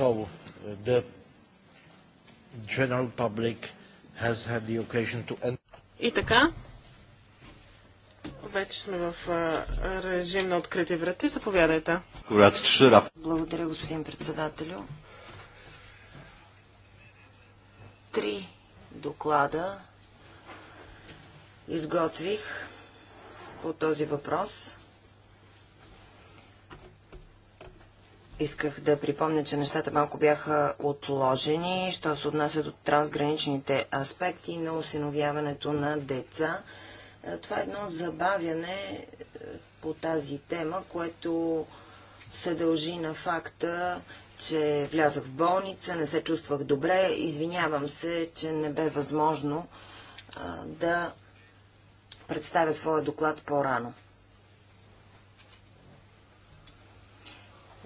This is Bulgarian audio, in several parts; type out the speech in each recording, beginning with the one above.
so uh, the general public has had the occasion to... И така, вече сме в режим на открити врати. Заповядайте. Благодаря, господин председателю. Три доклада изготвих по този въпрос. Исках да припомня, че нещата малко бяха отложени, що се отнасят от трансграничните аспекти на осиновяването на деца. Е, това е едно забавяне е, по тази тема, което се дължи на факта, че влязах в болница, не се чувствах добре. Извинявам се, че не бе възможно е, да представя своя доклад по-рано.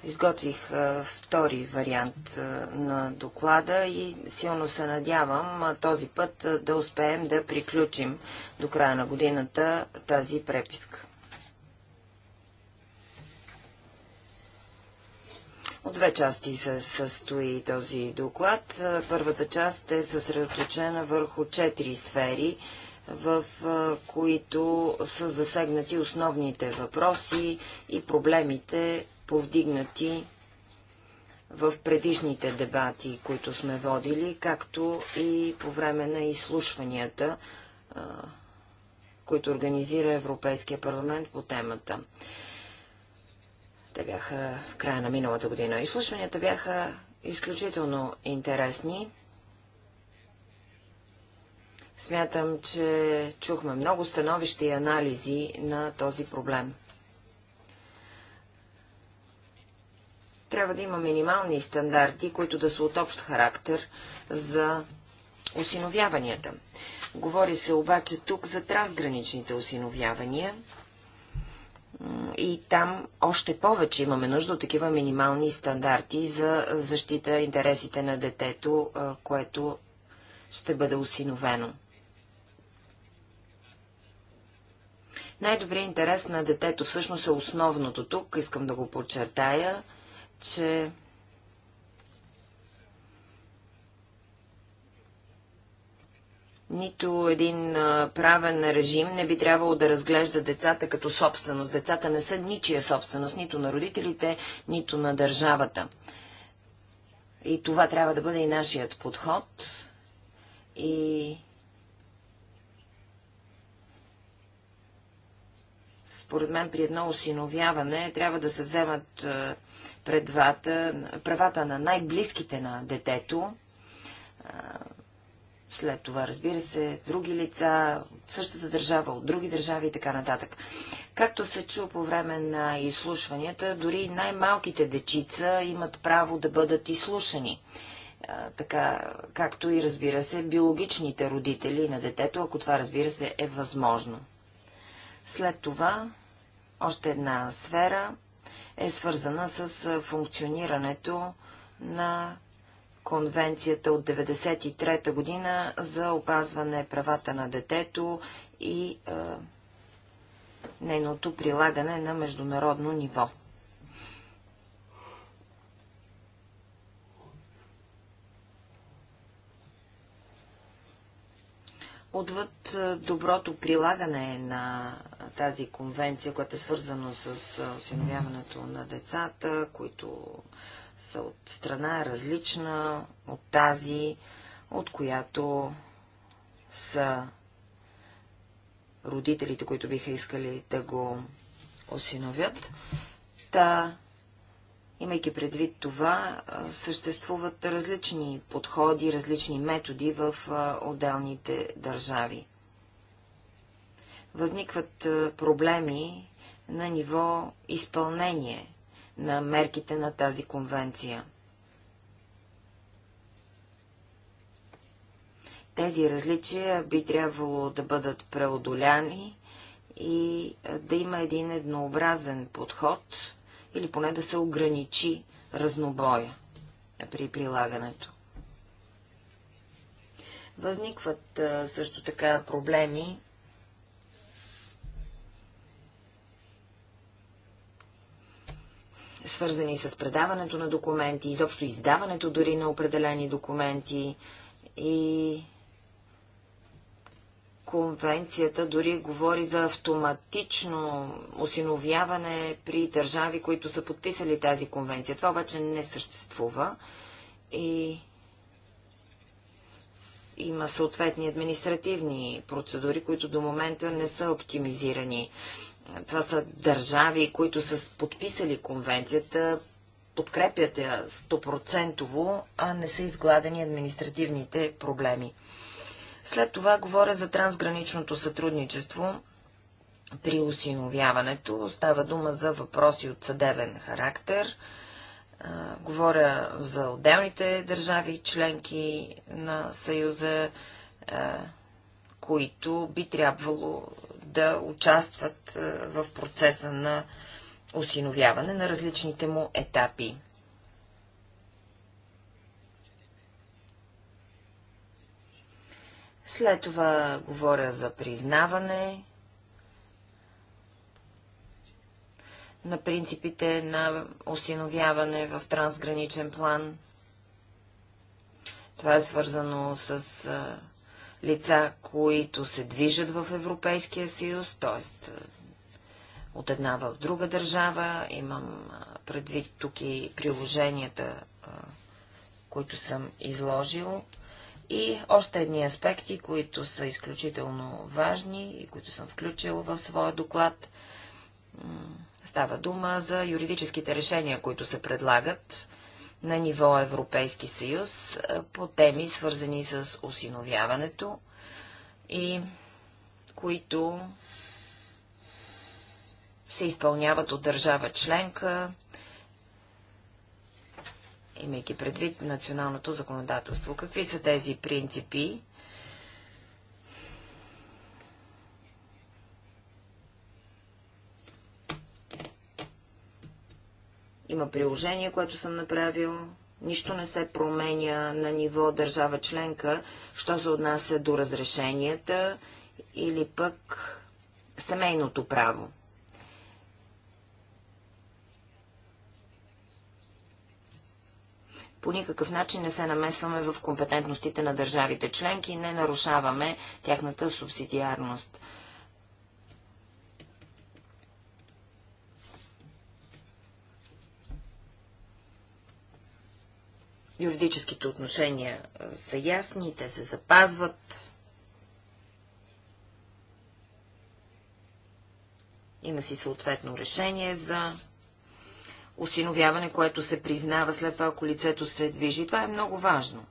Изготвих втори вариант на доклада и силно се надявам този път да успеем да приключим до края на годината тази преписка. От две части се състои този доклад. Първата част е съсредоточена върху четири сфери, в които са засегнати основните въпроси и проблемите, повдигнати в предишните дебати, които сме водили, както и по време на изслушванията, които организира Европейския парламент по темата. Те бяха в края на миналата година. Изслушванията бяха изключително интересни. Смятам, че чухме много становища и анализи на този проблем. Трябва да има минимални стандарти, които да са от общ характер за осиновяванията. Говори се обаче тук за трансграничните осиновявания и там още повече имаме нужда от такива минимални стандарти за защита интересите на детето, което ще бъде осиновено. Най-добрият интерес на детето всъщност е основното тук, искам да го подчертая – че нито един правен режим не би трябвало да разглежда децата като собственост. Децата не са ничия собственост, нито на родителите, нито на държавата. И това трябва да бъде и нашият подход. И според мен при едно осиновяване трябва да се вземат предвата, правата на най-близките на детето. След това, разбира се, други лица от същата държава, от други държави и така нататък. Както се чу по време на изслушванията, дори най-малките дечица имат право да бъдат изслушани така, както и разбира се, биологичните родители на детето, ако това разбира се е възможно. След това още една сфера е свързана с функционирането на Конвенцията от 1993 година за опазване правата на детето и е, нейното прилагане на международно ниво. отвъд доброто прилагане на тази конвенция, която е свързано с осиновяването на децата, които са от страна различна от тази, от която са родителите, които биха искали да го осиновят. Та Имайки предвид това, съществуват различни подходи, различни методи в отделните държави. Възникват проблеми на ниво изпълнение на мерките на тази конвенция. Тези различия би трябвало да бъдат преодоляни и да има един еднообразен подход или поне да се ограничи разнобоя при прилагането. Възникват също така проблеми свързани с предаването на документи, изобщо издаването дори на определени документи и конвенцията дори говори за автоматично осиновяване при държави, които са подписали тази конвенция. Това обаче не съществува и има съответни административни процедури, които до момента не са оптимизирани. Това са държави, които са подписали конвенцията, подкрепят я стопроцентово, а не са изгладени административните проблеми. След това говоря за трансграничното сътрудничество при осиновяването. Става дума за въпроси от съдебен характер. говоря за отделните държави, членки на Съюза, които би трябвало да участват в процеса на осиновяване на различните му етапи. След това говоря за признаване на принципите на осиновяване в трансграничен план. Това е свързано с лица, които се движат в Европейския съюз, т.е. от една в друга държава. Имам предвид тук и приложенията, които съм изложил. И още едни аспекти, които са изключително важни и които съм включил в своя доклад. Става дума за юридическите решения, които се предлагат на ниво Европейски съюз по теми, свързани с осиновяването и които се изпълняват от държава членка имайки предвид националното законодателство. Какви са тези принципи? Има приложение, което съм направил. Нищо не се променя на ниво държава членка, що се отнася до разрешенията или пък семейното право. по никакъв начин не се намесваме в компетентностите на държавите членки и не нарушаваме тяхната субсидиарност. Юридическите отношения са ясни, те се запазват. Има си съответно решение за осиновяване, което се признава след това, ако лицето се движи. Това е много важно.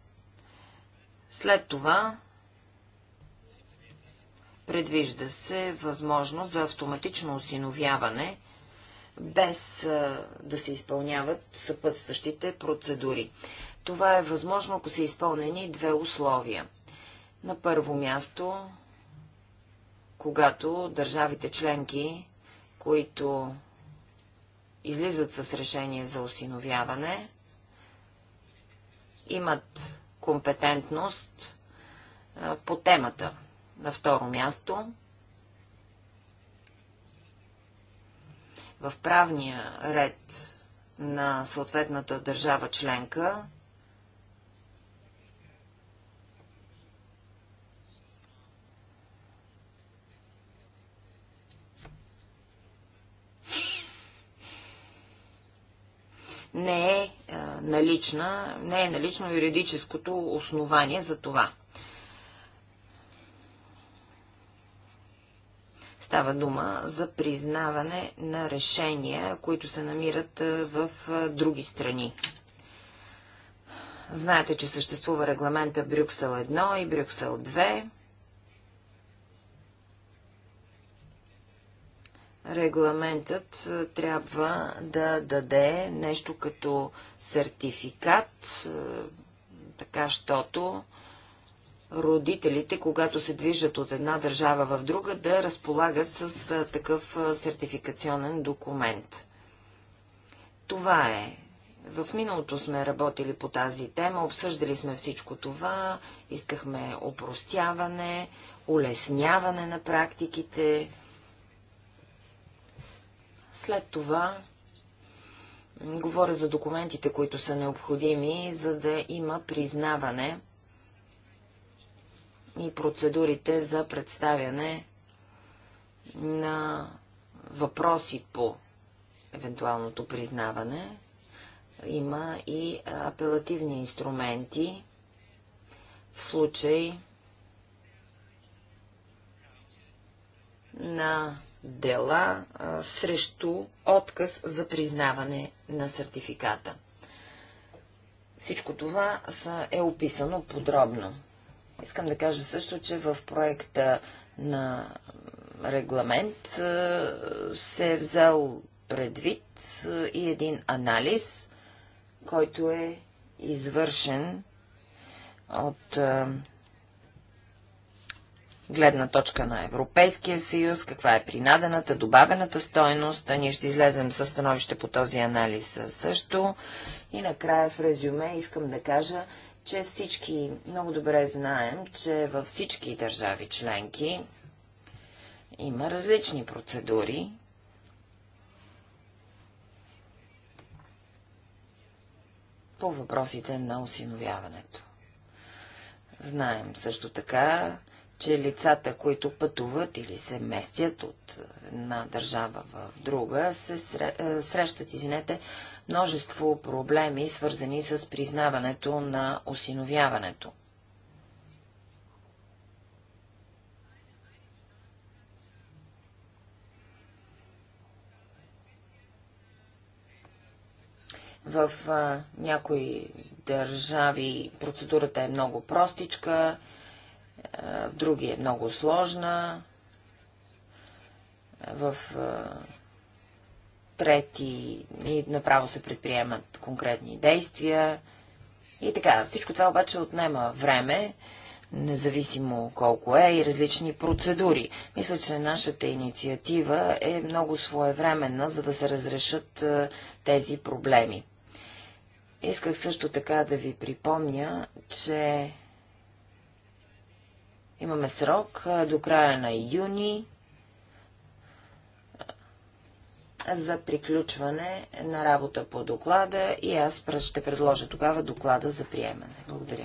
След това предвижда се възможност за автоматично осиновяване, без да се изпълняват съпътстващите процедури. Това е възможно, ако са изпълнени две условия. На първо място, когато държавите членки, които излизат с решение за осиновяване, имат компетентност по темата. На второ място, в правния ред на съответната държава членка не е, налична, не е налично юридическото основание за това. Става дума за признаване на решения, които се намират в други страни. Знаете, че съществува регламента Брюксел 1 и Брюксел 2 регламентът трябва да даде нещо като сертификат, така щото родителите, когато се движат от една държава в друга, да разполагат с такъв сертификационен документ. Това е. В миналото сме работили по тази тема, обсъждали сме всичко това, искахме опростяване, улесняване на практиките, след това говоря за документите, които са необходими, за да има признаване и процедурите за представяне на въпроси по евентуалното признаване. Има и апелативни инструменти в случай на дела а, срещу отказ за признаване на сертификата. Всичко това са, е описано подробно. Искам да кажа също, че в проекта на регламент се е взел предвид и един анализ, който е извършен от гледна точка на Европейския съюз, каква е принадената, добавената стойност. А ние ще излезем със становище по този анализ също. И накрая в резюме искам да кажа, че всички много добре знаем, че във всички държави членки има различни процедури. по въпросите на осиновяването. Знаем също така, че лицата, които пътуват или се местят от една държава в друга, се е, срещат, извинете, множество проблеми, свързани с признаването на осиновяването. В а, някои държави процедурата е много простичка, в други е много сложна, в трети и направо се предприемат конкретни действия и така. Всичко това обаче отнема време, независимо колко е, и различни процедури. Мисля, че нашата инициатива е много своевременна, за да се разрешат тези проблеми. Исках също така да ви припомня, че Имаме срок до края на юни за приключване на работа по доклада и аз ще предложа тогава доклада за приемане. Благодаря.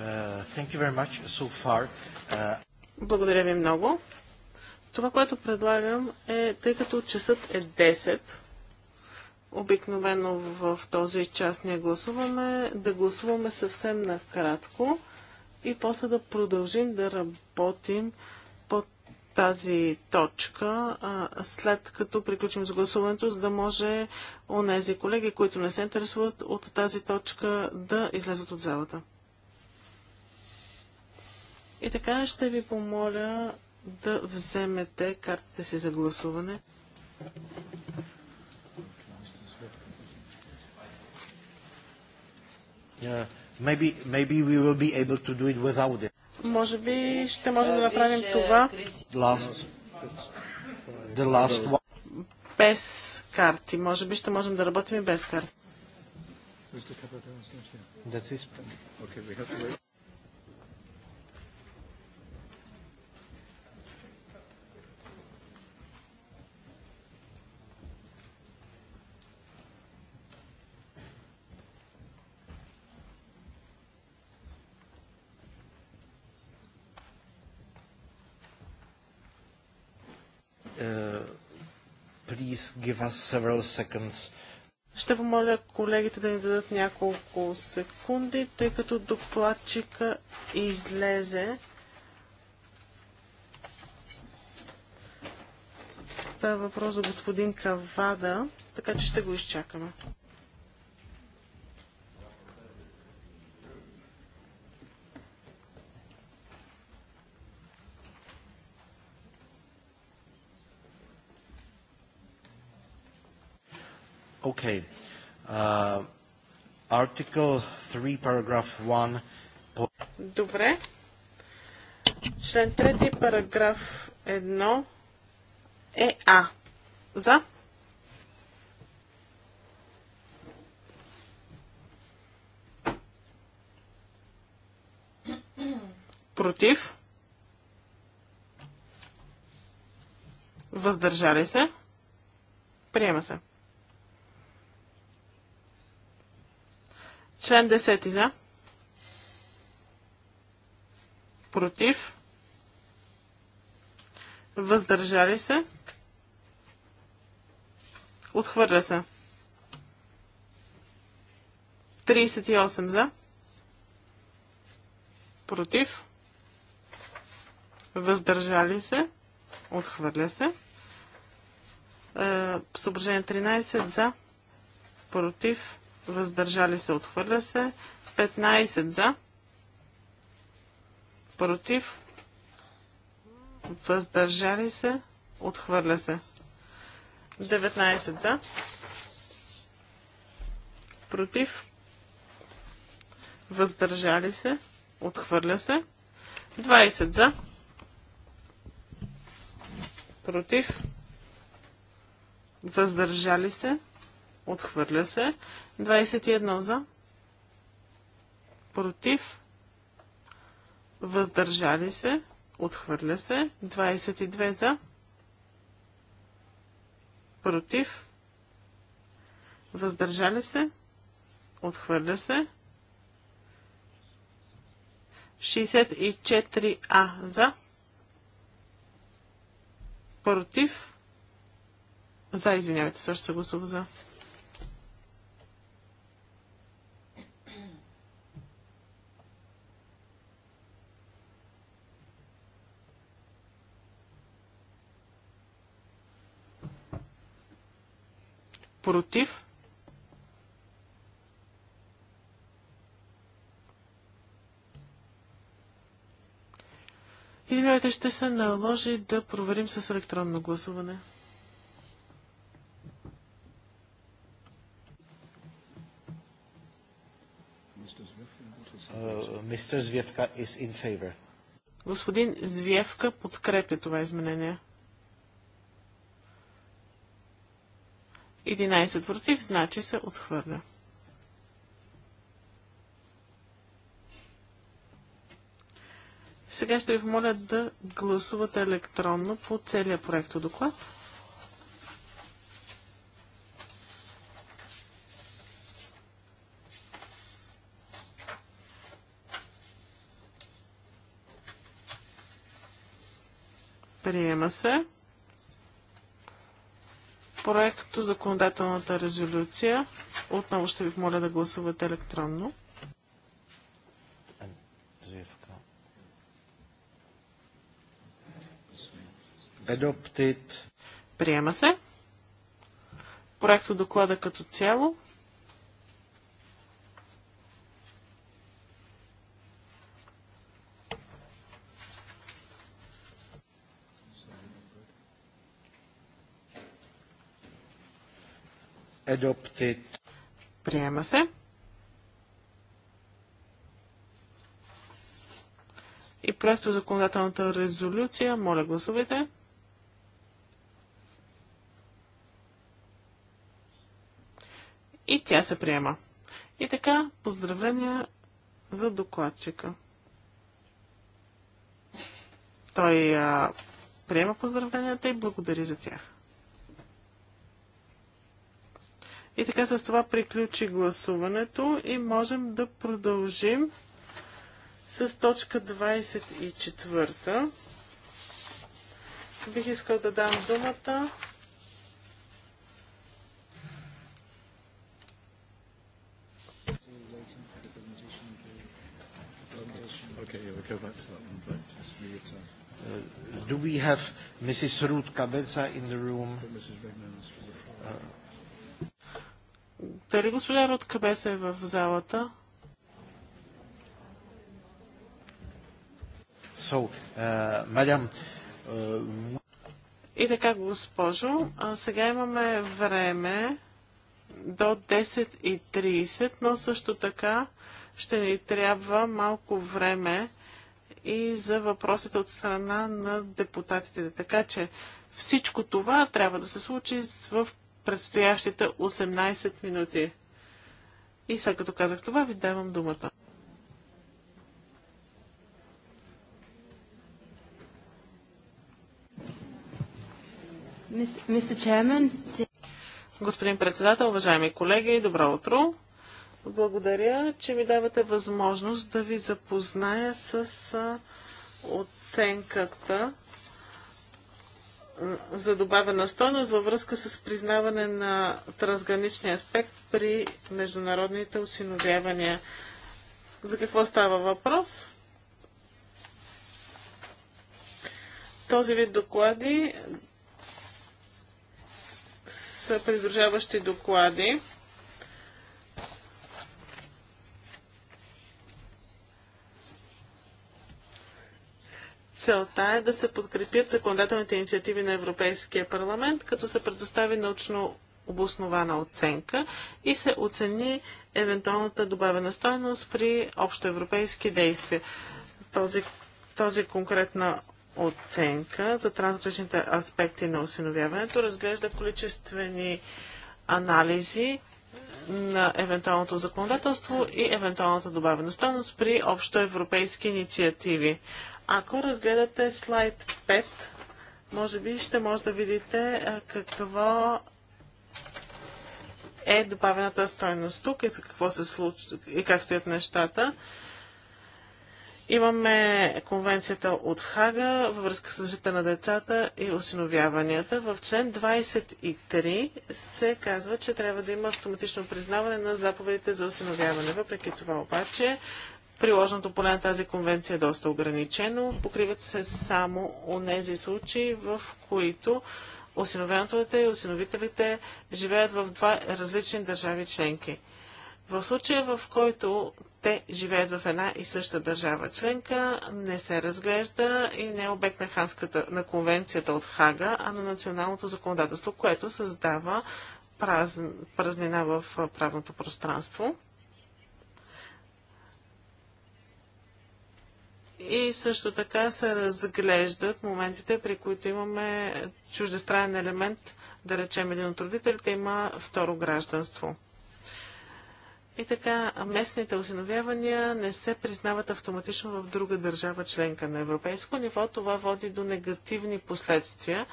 Uh, so far, uh, Благодаря ви много. Това, което предлагам е, тъй като часът е 10, обикновено в този час ние гласуваме, да гласуваме съвсем накратко и после да продължим да работим по тази точка, а, след като приключим с гласуването, за да може онези колеги, които не се интересуват от тази точка, да излезат от залата. И така ще ви помоля да вземете картите си за гласуване. Yeah. Maybe, maybe we will be able to do it without it. Може би ще можем да направим това. Last, the last one. Без карти. Може би ще можем да работим и без карти. That's his. Okay, we have to wait. please give us several seconds. Ще помоля колегите да ни дадат няколко секунди, тъй като докладчика излезе. Става въпрос за господин Кавада, така че ще го изчакаме. Okay. Uh, article 3, paragraph 1. Добре. Член 3, параграф 1 е А. За? Против? Въздържали се? Приема се. Член 10 за. Против. Въздържали се. Отхвърля се. 38 за. Против. Въздържали се. Отхвърля се. Е, съображение 13 за. Против въздържали се, отхвърля се. 15 за, против, въздържали се, отхвърля се. 19 за, против, въздържали се, отхвърля се. 20 за, против, въздържали се, Отхвърля се. 21 за. Против. Въздържали се. Отхвърля се. 22 за. Против. Въздържали се. Отхвърля се. 64А за. Против. За, извинявайте, също се гласува за. Против? Извинявайте, ще се наложи да проверим с електронно гласуване. Uh, Господин Звевка подкрепя това изменение. 11 против, значи се отхвърля. Сега ще ви помоля да гласувате електронно по целия проекто доклад. Приема се проекто законодателната резолюция. Отново ще ви моля да гласувате електронно. Adopted. Приема се. Проекто доклада като цяло. Adopted. Приема се. И проекто законодателната резолюция. Моля, гласувайте. И тя се приема. И така, поздравления за докладчика. Той а, приема поздравленията и благодари за тях. И така с това приключи гласуването и можем да продължим с точка 24. Бих искал да дам думата Do we have Mrs. Ruth Kabeza in the room? Uh, дали госпожа Род Кабеса е в залата? So, uh, madam, uh... И така, госпожо, сега имаме време до 10.30, но също така ще ни трябва малко време и за въпросите от страна на депутатите. Така че всичко това трябва да се случи в предстоящите 18 минути. И сега като казах това, ви давам думата. Господин председател, уважаеми колеги, добро утро! Благодаря, че ми давате възможност да ви запозная с оценката за добавена стойност във връзка с признаване на трансграничния аспект при международните осиновявания. За какво става въпрос? Този вид доклади са придружаващи доклади Целта е да се подкрепят законодателните инициативи на Европейския парламент, като се предостави научно обоснована оценка и се оцени евентуалната добавена стойност при общоевропейски действия. Този, този конкретна оценка за трансграничните аспекти на осиновяването разглежда количествени анализи на евентуалното законодателство и евентуалната добавена стойност при общо европейски инициативи. Ако разгледате слайд 5, може би ще може да видите какво е добавената стойност тук и за какво се случва и как стоят нещата. Имаме конвенцията от Хага във връзка с защита на децата и осиновяванията. В член 23 се казва, че трябва да има автоматично признаване на заповедите за осиновяване. Въпреки това обаче, приложното поле на тази конвенция е доста ограничено. Покриват се само у нези случаи, в които осиновяването и осиновителите живеят в два различни държави членки. В случая, в който те живеят в една и съща държава членка, не се разглежда и не е обект на, ханската, на конвенцията от Хага, а на националното законодателство, което създава празн, празнина в правното пространство. И също така се разглеждат моментите, при които имаме чуждестранен елемент, да речем един от родителите има второ гражданство. И така, местните осиновявания не се признават автоматично в друга държава членка на европейско ниво. Това води до негативни последствия,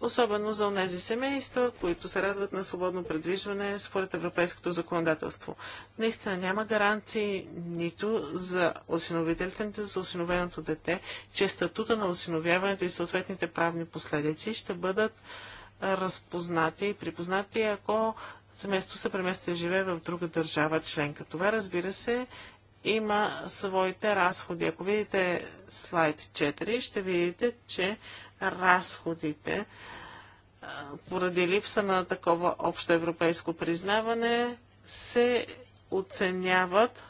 особено за онези семейства, които се радват на свободно предвижване според европейското законодателство. Наистина няма гаранции нито за осиновителите, нито за осиновеното дете, че статута на осиновяването и съответните правни последици ще бъдат разпознати и припознати, ако семейство се премести да живее в друга държава членка. Това, разбира се, има своите разходи. Ако видите слайд 4, ще видите, че разходите поради липса на такова общо европейско признаване се оценяват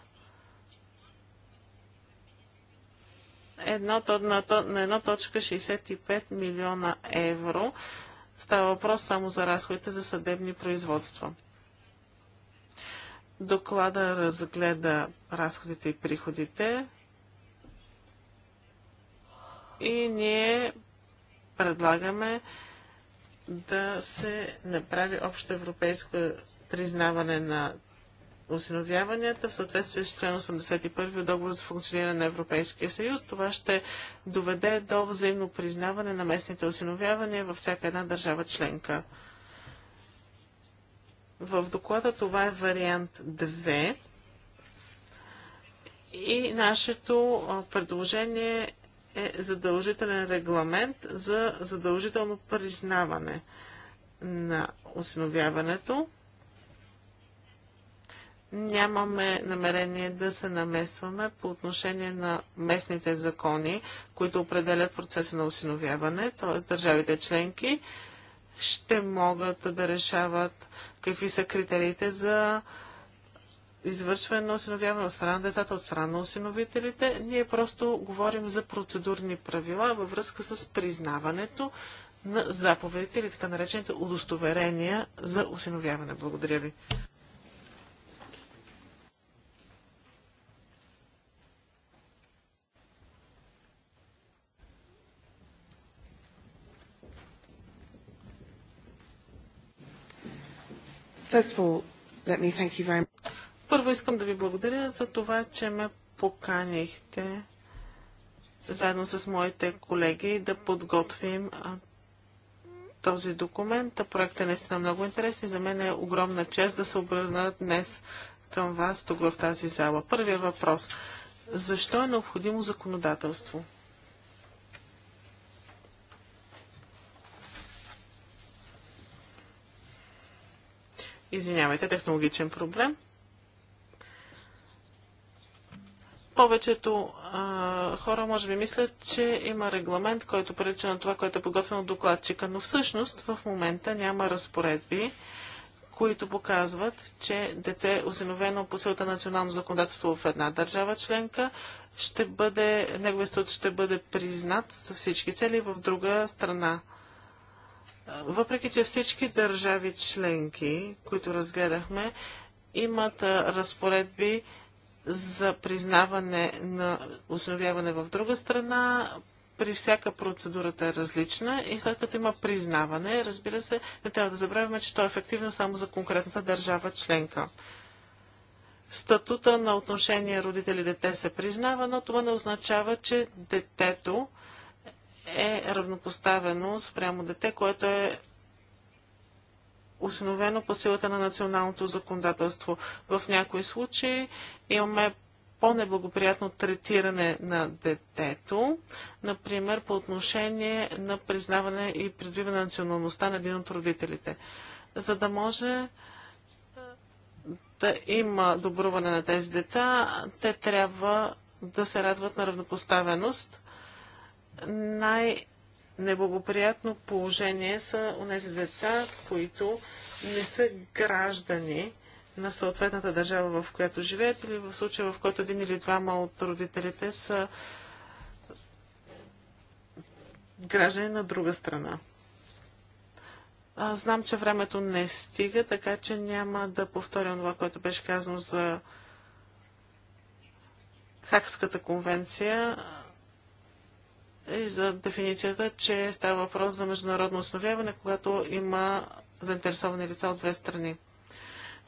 едно, на, на 1.65 милиона евро Става въпрос само за разходите за съдебни производства. Доклада разгледа разходите и приходите и ние предлагаме да се направи общо европейско признаване на осиновяванията в съответствие с член 81 от договор за функциониране на Европейския съюз. Това ще доведе до взаимно признаване на местните осиновявания във всяка една държава членка. В доклада това е вариант 2 и нашето предложение е задължителен регламент за задължително признаване на осиновяването. Нямаме намерение да се намесваме по отношение на местните закони, които определят процеса на осиновяване, т.е. държавите членки ще могат да решават какви са критериите за извършване на осиновяване от страна на децата, от страна на осиновителите. Ние просто говорим за процедурни правила във връзка с признаването на заповедите или така наречените удостоверения за осиновяване. Благодаря ви. Първо искам да ви благодаря за това, че ме поканихте заедно с моите колеги да подготвим този документ. Проектът е наистина много интересен и за мен е огромна чест да се обърна днес към вас тук в тази зала. Първият въпрос. Защо е необходимо законодателство? извинявайте, технологичен проблем. Повечето а, хора може би мислят, че има регламент, който прилича на това, което е подготвено от докладчика, но всъщност в момента няма разпоредби, които показват, че дете, осиновено по силата на национално законодателство в една държава членка, ще бъде, неговият статут ще бъде признат за всички цели в друга страна въпреки, че всички държави членки, които разгледахме, имат разпоредби за признаване на установяване в друга страна, при всяка процедурата е различна и след като има признаване, разбира се, не трябва да забравяме, че то е ефективно само за конкретната държава членка. Статута на отношение родители-дете се признава, но това не означава, че детето е равнопоставено спрямо дете, което е установено по силата на националното законодателство. В някои случаи имаме по-неблагоприятно третиране на детето, например по отношение на признаване и придобиване на националността на един от родителите. За да може да има добруване на тези деца, те трябва да се радват на равнопоставеност – най- неблагоприятно положение са онези деца, които не са граждани на съответната държава, в която живеят, или в случая, в който един или двама от родителите са граждани на друга страна. знам, че времето не стига, така че няма да повторя това, което беше казано за Хакската конвенция и е за дефиницията, че става въпрос за международно основяване, когато има заинтересовани лица от две страни.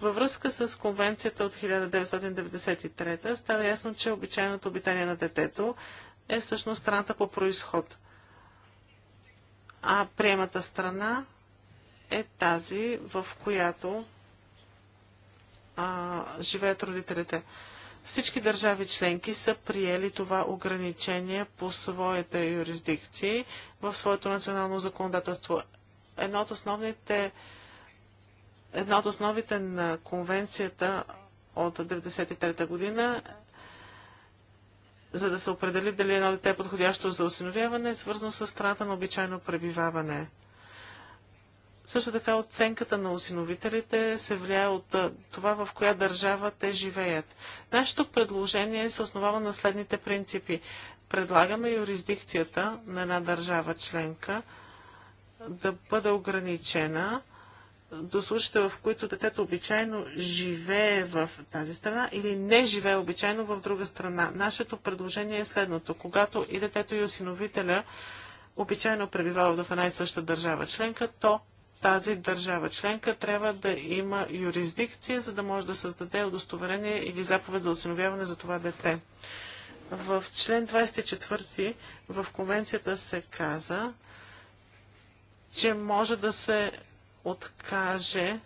Във връзка с конвенцията от 1993 става ясно, че обичайното обитание на детето е всъщност страната по происход. А приемата страна е тази, в която а, живеят родителите. Всички държави членки са приели това ограничение по своята юрисдикции в своето национално законодателство. Едно от основните, една от основите на конвенцията от 1993 година за да се определи дали едно дете е подходящо за осиновяване, е свързано с страната на обичайно пребиваване. Също така оценката на осиновителите се влияе от това в коя държава те живеят. Нашето предложение се основава на следните принципи. Предлагаме юрисдикцията на една държава членка да бъде ограничена до случаите, в които детето обичайно живее в тази страна или не живее обичайно в друга страна. Нашето предложение е следното. Когато и детето и осиновителя обичайно пребивават в една и съща държава членка, то тази държава членка трябва да има юрисдикция, за да може да създаде удостоверение или заповед за осиновяване за това дете. В член 24 в конвенцията се каза, че може да се откаже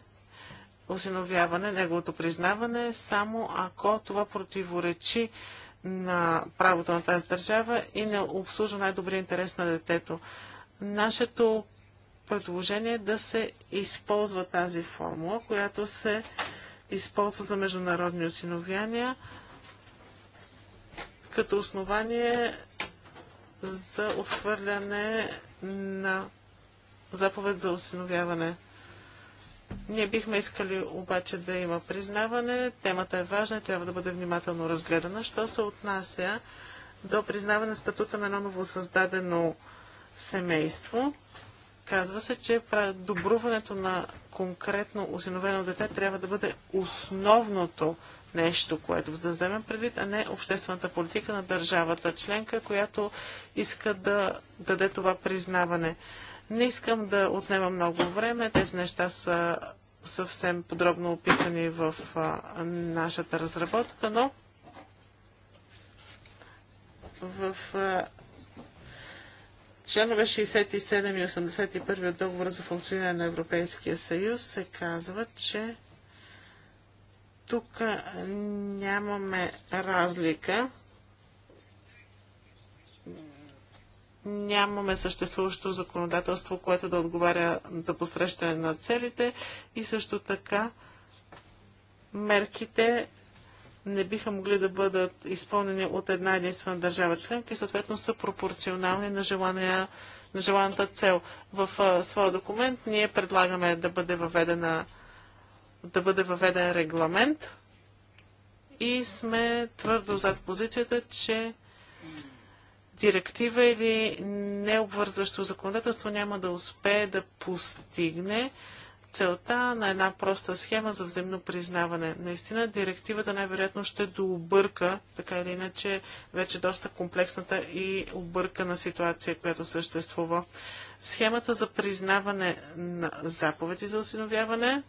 осиновяване, неговото признаване, само ако това противоречи на правото на тази държава и не обслужва най-добрия интерес на детето. Нашето предложение да се използва тази формула, която се използва за международни осиновяния като основание за отхвърляне на заповед за осиновяване. Ние бихме искали обаче да има признаване. Темата е важна и трябва да бъде внимателно разгледана. Що се отнася до признаване статута на едно създадено семейство, Казва се, че добруването на конкретно осиновено дете трябва да бъде основното нещо, което да вземем предвид, а не обществената политика на държавата членка, която иска да даде това признаване. Не искам да отнема много време. Тези неща са съвсем подробно описани в а, нашата разработка, но в а, Членове 67 и 81 от договора за функциониране на Европейския съюз се казва, че тук нямаме разлика. Нямаме съществуващо законодателство, което да отговаря за посрещане на целите и също така мерките не биха могли да бъдат изпълнени от една единствена държава членка и съответно са пропорционални на, желания, на желаната цел. В а, своя документ ние предлагаме да бъде, въведена, да бъде въведен регламент и сме твърдо зад позицията, че директива или необвързващо законодателство няма да успее да постигне целта на една проста схема за взаимно признаване. Наистина директивата най-вероятно ще дообърка, така или иначе, вече доста комплексната и объркана ситуация, която съществува. Схемата за признаване на заповеди за осиновяване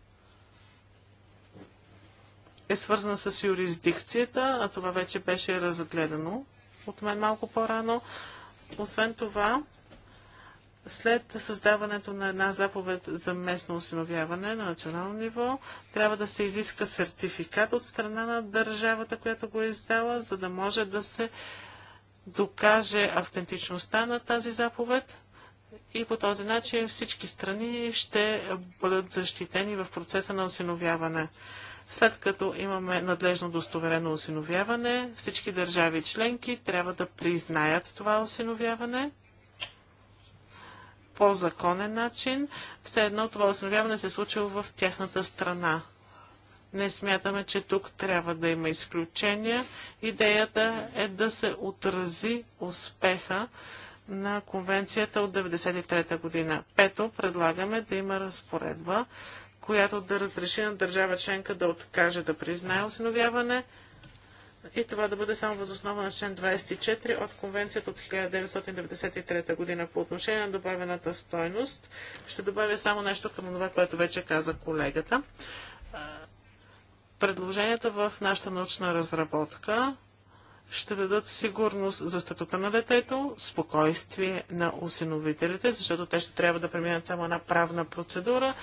е свързана с юрисдикцията, а това вече беше разгледано от мен малко по-рано. Освен това, след създаването на една заповед за местно осиновяване на национално ниво, трябва да се изиска сертификат от страна на държавата, която го е издала, за да може да се докаже автентичността на тази заповед и по този начин всички страни ще бъдат защитени в процеса на осиновяване. След като имаме надлежно достоверено осиновяване, всички държави членки трябва да признаят това осиновяване по-законен начин, все едно това осъновяване се е в тяхната страна. Не смятаме, че тук трябва да има изключения. Идеята е да се отрази успеха на конвенцията от 1993 година. Пето, предлагаме да има разпоредба, която да разреши на държава членка да откаже да признае осиновяване, и това да бъде само възоснова на член 24 от Конвенцията от 1993 година. По отношение на добавената стойност, ще добавя само нещо към това, което вече каза колегата. Предложенията в нашата научна разработка ще дадат сигурност за статута на детето, спокойствие на усиновителите, защото те ще трябва да преминат само една правна процедура,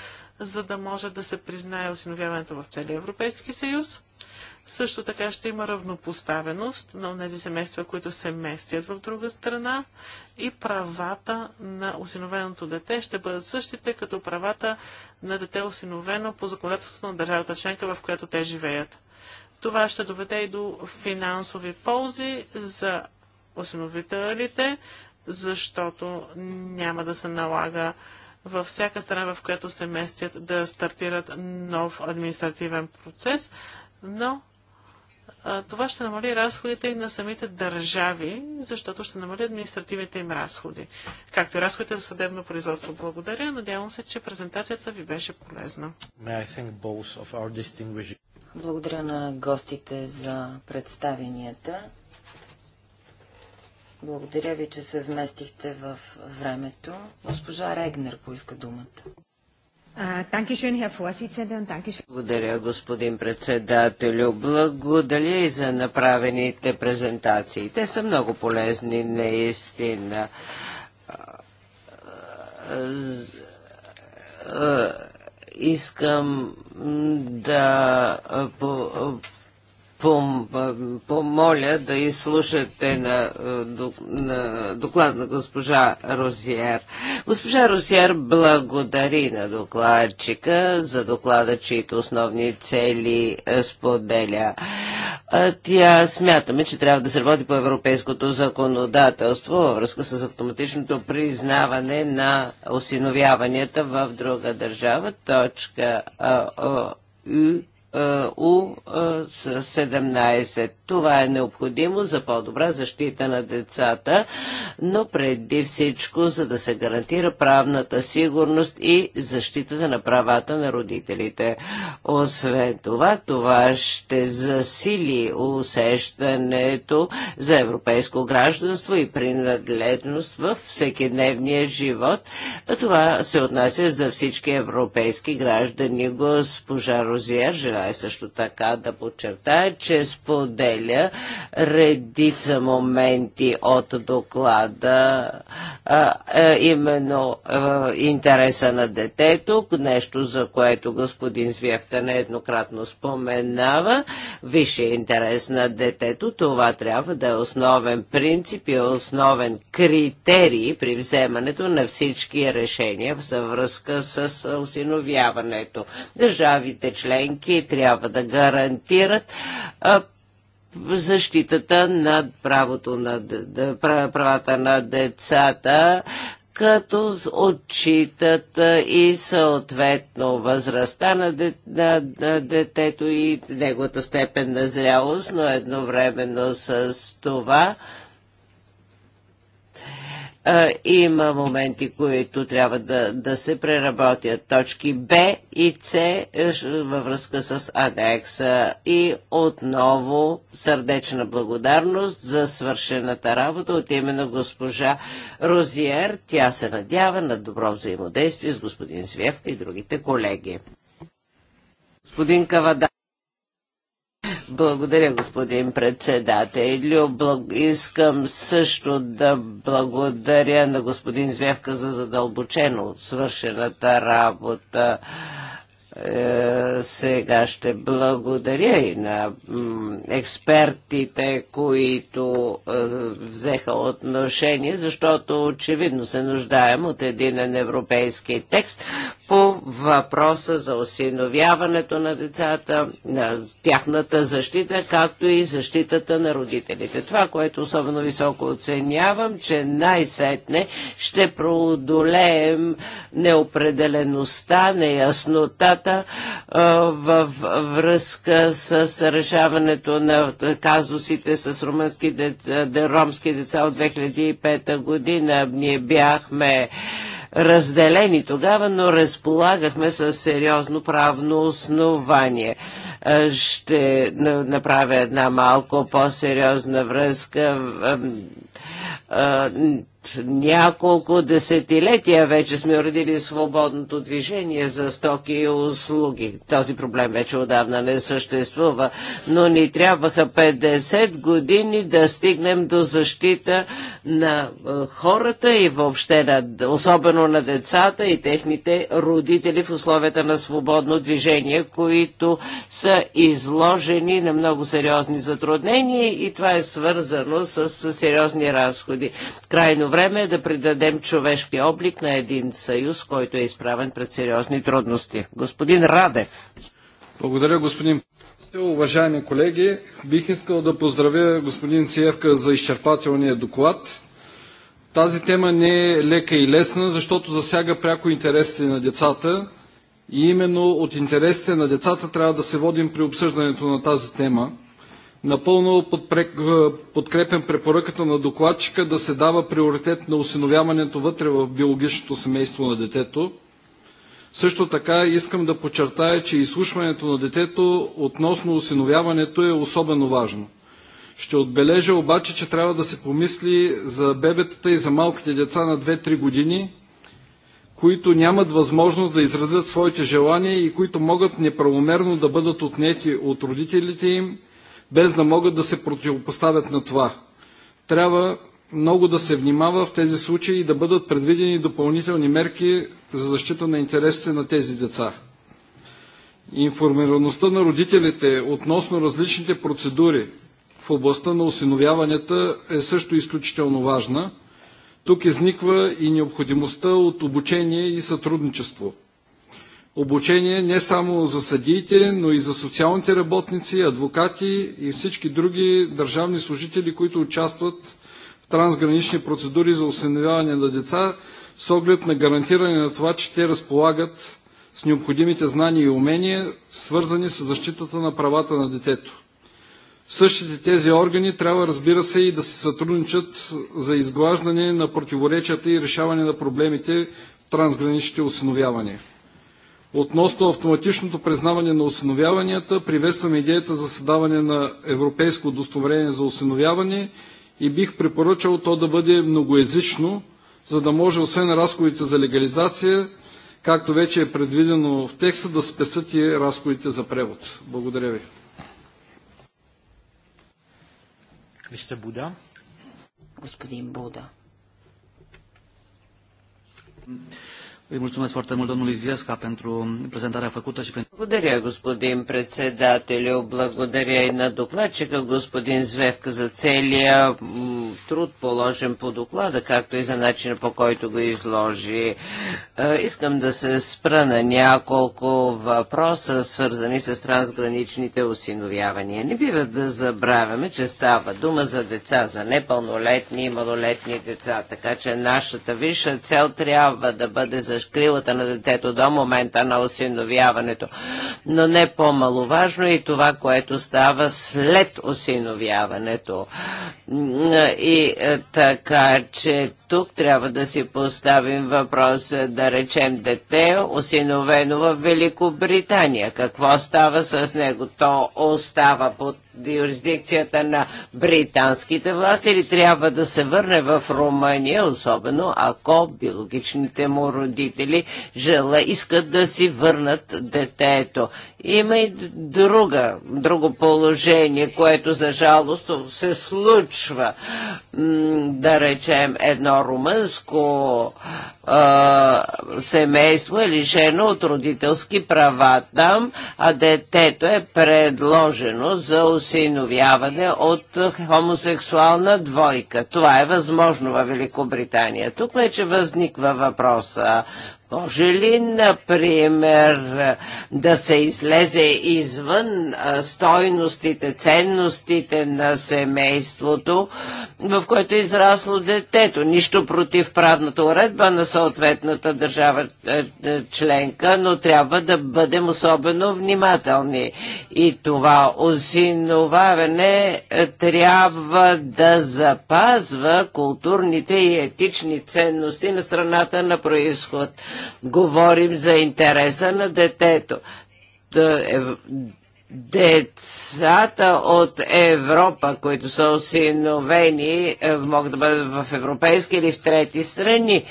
за да може да се признае осиновяването в целия Европейски съюз. Също така ще има равнопоставеност на тези семейства, които се местят в друга страна и правата на осиновеното дете ще бъдат същите като правата на дете осиновено по законодателството на държавата членка, в която те живеят. Това ще доведе и до финансови ползи за осиновителите, защото няма да се налага във всяка страна, в която се местят, да стартират нов административен процес, но това ще намали разходите и на самите държави, защото ще намали административните им разходи, както и разходите за съдебно производство. Благодаря. Надявам се, че презентацията ви беше полезна. Благодаря на гостите за представенията. Благодаря ви, че се вместихте в времето. Госпожа Регнер поиска думата. Благодаря, господин председателю. Благодаря и за направените презентации. Те са много полезни, наистина искам да пом, помоля да изслушате на, на доклад на госпожа Розиер. Госпожа Розиер благодари на докладчика за доклада, чието основни цели е, споделя. Тя смятаме, че трябва да се работи по европейското законодателство във връзка с автоматичното признаване на осиновяванията в друга държава. Точка а, а, е, У-17. Е, това е необходимо за по-добра защита на децата, но преди всичко, за да се гарантира правната сигурност и защитата на правата на родителите. Освен това, това ще засили усещането за европейско гражданство и принадлежност във всекидневния живот. Това се отнася за всички европейски граждани. Госпожа Розия, желая е също така да подчертая, че споделя редица моменти от доклада, а, а, именно а, интереса на детето, нещо за което господин Звявка нееднократно споменава. Висше интерес на детето, това трябва да е основен принцип и основен критерий при вземането на всички решения в съвръзка с осиновяването. Държавите членки трябва да гарантират защитата на правото на правата на децата, като отчитат и съответно възрастта на, де, на, на детето и неговата степен на зрялост, но едновременно с това е, има моменти, които трябва да, да се преработят. Точки Б и С е, във връзка с адекса. И отново сърдечна благодарност за свършената работа от именно госпожа Розиер. Тя се надява на добро взаимодействие с господин Свевка и другите колеги. Господин Кавада. Благодаря, господин председател. Искам също да благодаря на господин Звевка за задълбочено свършената работа. Е, сега ще благодаря и на експертите, които е, взеха отношение, защото очевидно се нуждаем от един европейски текст, по въпроса за осиновяването на децата, на тяхната защита, както и защитата на родителите. Това, което особено високо оценявам, че най-сетне ще преодолеем неопределеността, неяснотата във връзка с решаването на казусите с румънски деца, ромски деца от 2005 година. Ние бяхме разделени тогава, но разполагахме с сериозно правно основание. Ще направя една малко по-сериозна връзка няколко десетилетия вече сме уредили свободното движение за стоки и услуги. Този проблем вече отдавна не съществува, но ни трябваха 50 години да стигнем до защита на е, хората и въобще, на, особено на децата и техните родители в условията на свободно движение, които са изложени на много сериозни затруднения и това е свързано с сериозни разходи. Крайно време е да придадем човешки облик на един съюз, който е изправен пред сериозни трудности. Господин Радев. Благодаря, господин Уважаеми колеги, бих искал да поздравя господин Циевка за изчерпателния доклад. Тази тема не е лека и лесна, защото засяга пряко интересите на децата и именно от интересите на децата трябва да се водим при обсъждането на тази тема. Напълно е, подкрепям препоръката на докладчика да се дава приоритет на осиновяването вътре в биологичното семейство на детето. Също така искам да подчертая, че изслушването на детето относно осиновяването е особено важно. Ще отбележа обаче, че трябва да се помисли за бебетата и за малките деца на 2-3 години, които нямат възможност да изразят своите желания и които могат неправомерно да бъдат отнети от родителите им без да могат да се противопоставят на това. Трябва много да се внимава в тези случаи и да бъдат предвидени допълнителни мерки за защита на интересите на тези деца. Информираността на родителите относно различните процедури в областта на осиновяванията е също изключително важна. Тук изниква и необходимостта от обучение и сътрудничество – обучение не само за съдиите, но и за социалните работници, адвокати и всички други държавни служители, които участват в трансгранични процедури за осиновяване на деца, с оглед на гарантиране на това, че те разполагат с необходимите знания и умения, свързани с защитата на правата на детето. Същите тези органи трябва, разбира се, и да се сътрудничат за изглаждане на противоречията и решаване на проблемите в трансграничните осиновявания. Относно автоматичното признаване на осиновяванията, приветствам идеята за създаване на европейско удостоверение за осиновяване и бих препоръчал то да бъде многоязично, за да може освен разходите за легализация, както вече е предвидено в текста, да спестят и разходите за превод. Благодаря ви. Вижте Буда. Господин Буда. Îi mulțumesc foarte mult domnului pentru prezentarea făcută și pentru... Благодаря, господин председателю. Благодаря и на докладчика, господин Звевка, за целия труд положен по доклада, както и за начина по който го изложи. Е, искам да се спра на няколко въпроса, свързани с трансграничните осиновявания. Не бива да забравяме, че става дума за деца, за непълнолетни и малолетни деца, така че нашата висша цел трябва да бъде за закрилата на детето до момента на осиновяването. Но не по-маловажно и това, което става след осиновяването. И е, така, че тук трябва да си поставим въпроса, да речем дете, осиновено в Великобритания. Какво става с него? То остава под юрисдикцията на британските власти или трябва да се върне в Румъния, особено ако биологичните му родители жела искат да си върнат детето. Има и друга, друго положение, което за жалост се случва. Да речем, едно румънско е, семейство е лишено от родителски права там, а детето е предложено за осиновяване от хомосексуална двойка. Това е възможно във Великобритания. Тук вече възниква въпроса може ли, например, да се излезе извън стойностите, ценностите на семейството, в което е израсло детето? Нищо против правната уредба на съответната държава е, е, членка, но трябва да бъдем особено внимателни. И това осиноваване е, трябва да запазва културните и етични ценности на страната на происход. Говорим за интереса на детето. Е, децата от Европа, които са осиновени, е, могат да бъдат в европейски или в трети страни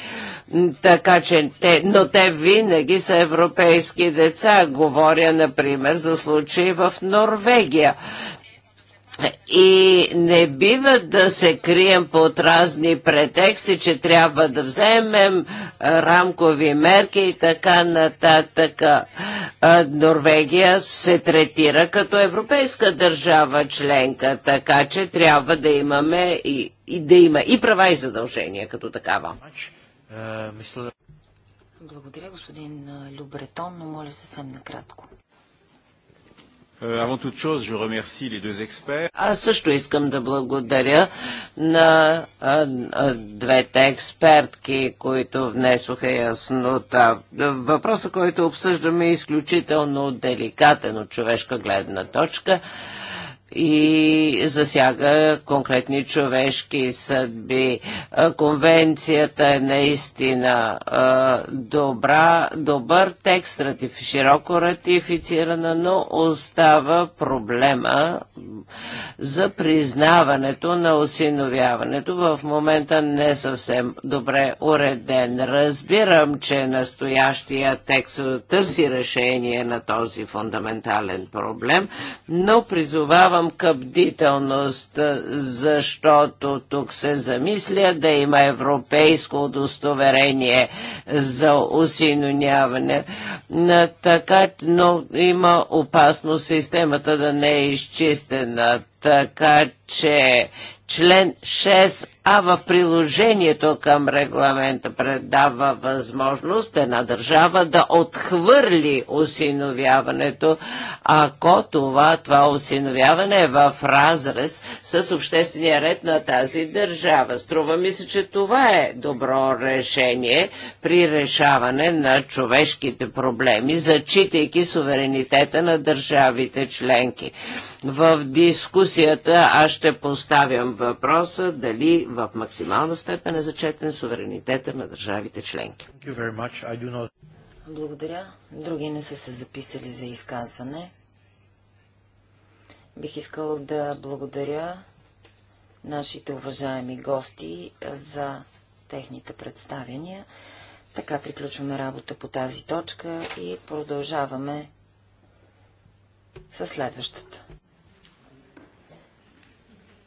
така че те, но те винаги са европейски деца. Говоря, например, за случаи в Норвегия. И не бива да се крием под разни претексти, че трябва да вземем рамкови мерки и така нататък. Норвегия се третира като европейска държава членка, така че трябва да имаме и, и да има и права и задължения като такава. Е, Благодаря, господин Любретон, но моля съвсем накратко. Euh, Аз също искам да благодаря на двете експертки, които внесоха яснота. Въпросът, който обсъждаме е изключително деликатен от човешка гледна точка и засяга конкретни човешки съдби. Конвенцията е наистина добра, добър текст, широко ратифицирана, но остава проблема за признаването на осиновяването. В момента не съвсем добре уреден. Разбирам, че настоящия текст търси решение на този фундаментален проблем, но призовавам имам къбдителност, защото тук се замисля да има европейско удостоверение за осиноняване. Така, но има опасност системата да не е изчистена. Така че член 6 а в приложението към регламента предава възможност една държава да отхвърли осиновяването, ако това, това осиновяване е в разрез с обществения ред на тази държава. Струва ми се, че това е добро решение при решаване на човешките проблеми, зачитайки суверенитета на държавите членки. В дискусията дискусията аз ще поставям въпроса дали в максимална степен е зачетен суверенитета на държавите членки. Благодаря. Други не са се записали за изказване. Бих искал да благодаря нашите уважаеми гости за техните представения. Така приключваме работа по тази точка и продължаваме със следващата.